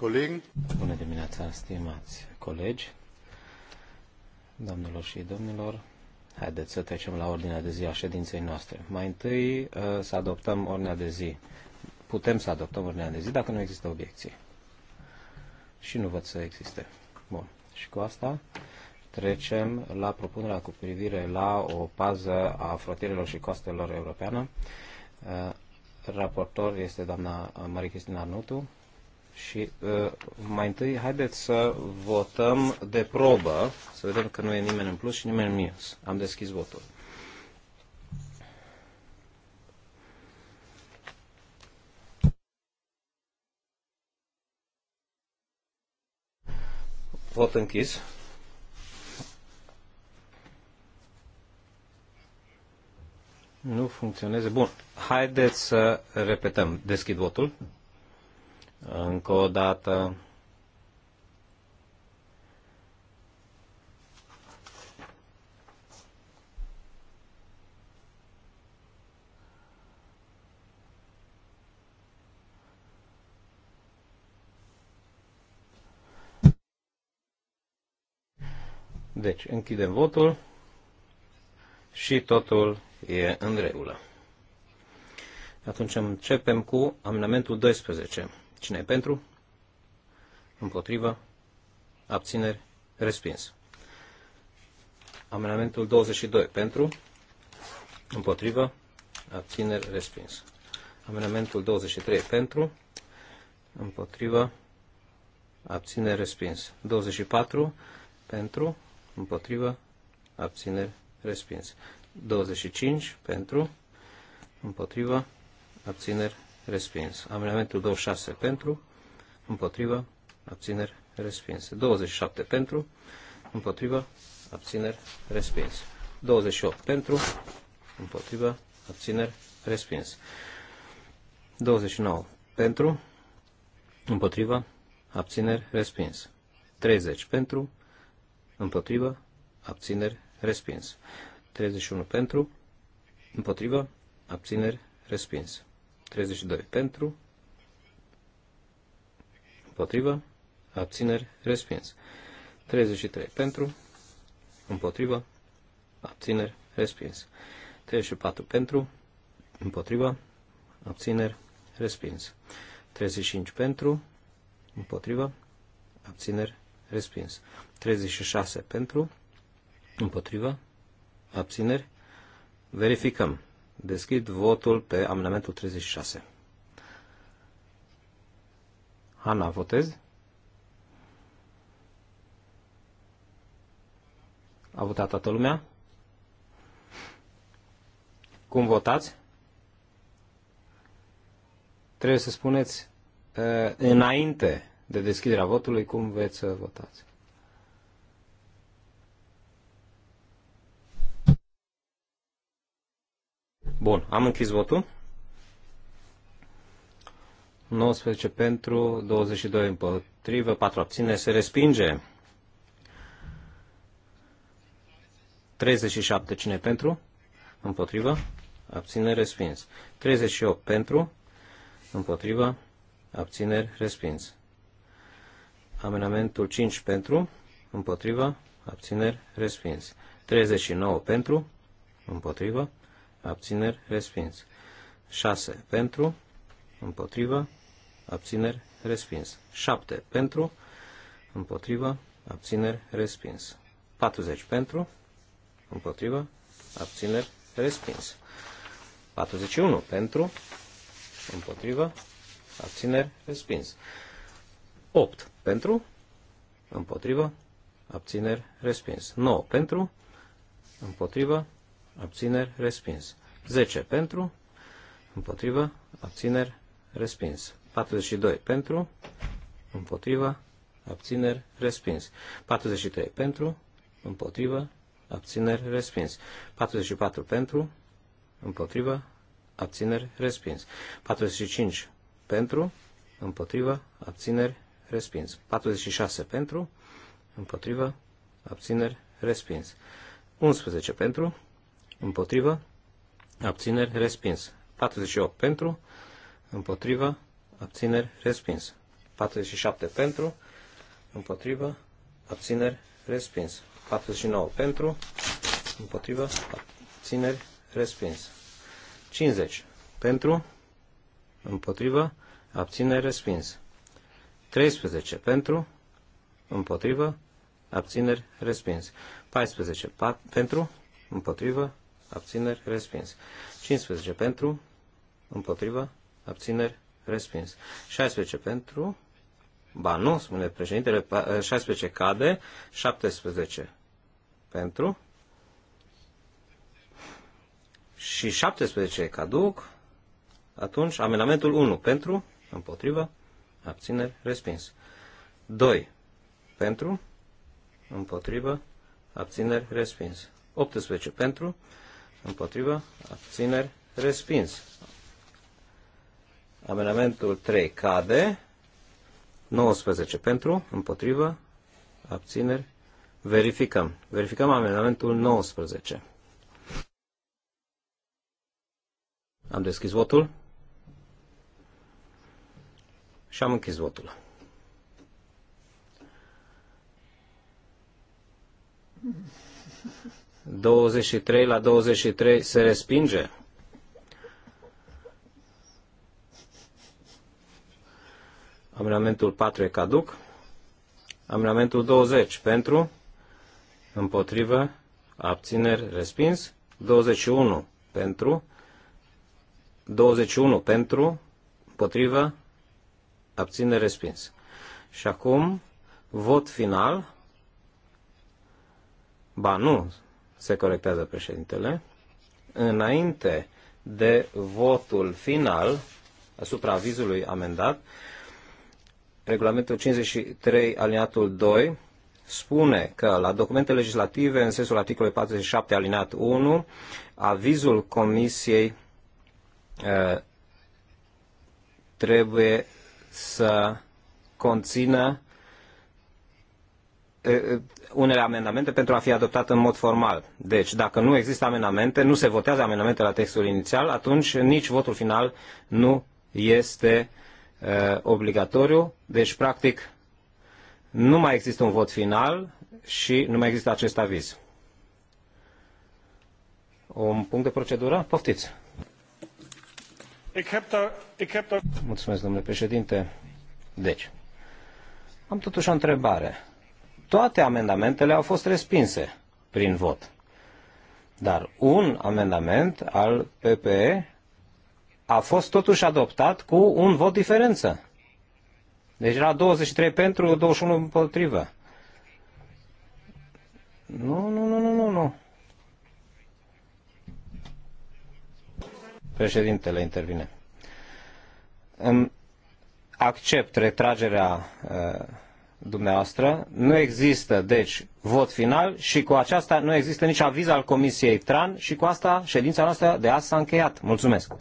Bună dimineața, stimați colegi, domnilor și domnilor. Haideți să trecem la ordinea de zi a ședinței noastre. Mai întâi uh, să adoptăm ordinea de zi. Putem să adoptăm ordinea de zi dacă nu există obiecții. Și nu văd să existe. Bun. Și cu asta trecem la propunerea cu privire la o pază a frotierilor și costelor europeană. Uh, raportor este doamna Marie Cristina Arnutu. Și uh, mai întâi, haideți să votăm de probă, să vedem că nu e nimeni în plus și nimeni în minus. Am deschis votul. Vot închis. Nu funcționează. Bun. Haideți să repetăm. Deschid votul. Încă o dată. Deci, închidem votul și totul e în regulă. Atunci începem cu amendamentul 12. Cine e pentru? Împotrivă? Abțineri? Respins. Amendamentul 22 pentru, împotrivă, abțineri, respins. Amendamentul 23 pentru, împotrivă, abțineri, respins. 24 pentru, împotrivă, abțineri, respins. 25 pentru, împotrivă, abțineri, respins. Amendamentul 26 pentru, împotrivă, abțineri, respins. 27 pentru, împotrivă, abțineri, respins. 28 pentru, împotrivă, abțineri, respins. 29 pentru, împotrivă, abțineri, respins. 30 pentru, împotrivă, abțineri, respins. 31 pentru, împotrivă, abțineri, respins. 32 pentru, împotrivă, abțineri, respins. 33 pentru, împotrivă, abțineri, respins. 34 pentru, împotrivă, abțineri, respins. 35 pentru, împotrivă, abțineri, respins. 36 pentru, împotrivă, abțineri, verificăm. Deschid votul pe amendamentul 36. Ana, votezi? A votat toată lumea? Cum votați? Trebuie să spuneți eh, înainte de deschiderea votului cum veți votați. Bun, am închis votul. 19 pentru, 22 împotrivă, 4 abține, se respinge. 37 cine pentru? Împotrivă. abține, respins. 38 pentru. Împotrivă. Abțineri respins. Amenamentul 5 pentru. Împotrivă. Abțineri respins. 39 pentru. Împotrivă abțineri, respins. 6 pentru, împotrivă, abțineri, respins. 7 pentru, împotrivă, abțineri, respins. 40 pentru, împotrivă, abțineri, respins. 41 pentru, împotrivă, abțineri, respins. 8 pentru, împotrivă, abțineri, respins. 9 pentru, împotriva, abțineri, respins. 10 pentru, împotrivă, abțineri, respins. 42 pentru, împotrivă, abțineri, respins. 43 pentru, împotrivă, abțineri, respins. 44 pentru, împotrivă, abțineri, respins. 45 pentru, împotrivă, abțineri, respins. 46 pentru, împotrivă, abțineri, respins. 11 pentru, împotrivă, abțineri, respins. 48 pentru, împotrivă, abțineri, respins. 47 pentru, împotrivă, abțineri, respins. 49 pentru, împotrivă, abțineri, respins. 50 pentru, împotrivă, abțineri, respins. 13 pentru, împotrivă, abțineri, respins. 14 pentru, împotrivă, abțineri, respins. 15 pentru, împotriva, abțineri, respins. 16 pentru, ba nu, spune președintele, 16 eh, cade, 17 pentru și 17 caduc, atunci amenamentul 1 pentru, împotriva, abțineri, respins. 2 pentru, împotriva, abțineri, respins. 18 pentru, împotrivă, abțineri, respins. amenamentul 3 cade, 19 pentru, împotrivă, abțineri, verificăm. Verificăm amenamentul 19. Am deschis votul și am închis votul. 23 la 23 se respinge. Amendamentul 4 e caduc. Amendamentul 20 pentru, împotrivă, abțineri, respins. 21 pentru, 21 pentru, împotrivă, abțineri, respins. Și acum, vot final Ba nu, se corectează președintele. Înainte de votul final asupra avizului amendat, regulamentul 53 aliniatul 2 spune că la documente legislative, în sensul articolului 47 alinat 1, avizul comisiei trebuie să conțină unele amendamente pentru a fi adoptat în mod formal. Deci, dacă nu există amendamente, nu se votează amendamente la textul inițial, atunci nici votul final nu este uh, obligatoriu. Deci, practic, nu mai există un vot final și nu mai există acest aviz. Un punct de procedură? Poftiți! Mulțumesc, domnule președinte. Deci, am totuși o întrebare toate amendamentele au fost respinse prin vot. Dar un amendament al PPE a fost totuși adoptat cu un vot diferență. Deci era 23 pentru, 21 împotrivă. Nu, nu, nu, nu, nu, nu. Președintele intervine. Accept retragerea uh, dumneavoastră. Nu există, deci, vot final și cu aceasta nu există nici aviz al Comisiei TRAN și cu asta ședința noastră de azi s-a încheiat. Mulțumesc!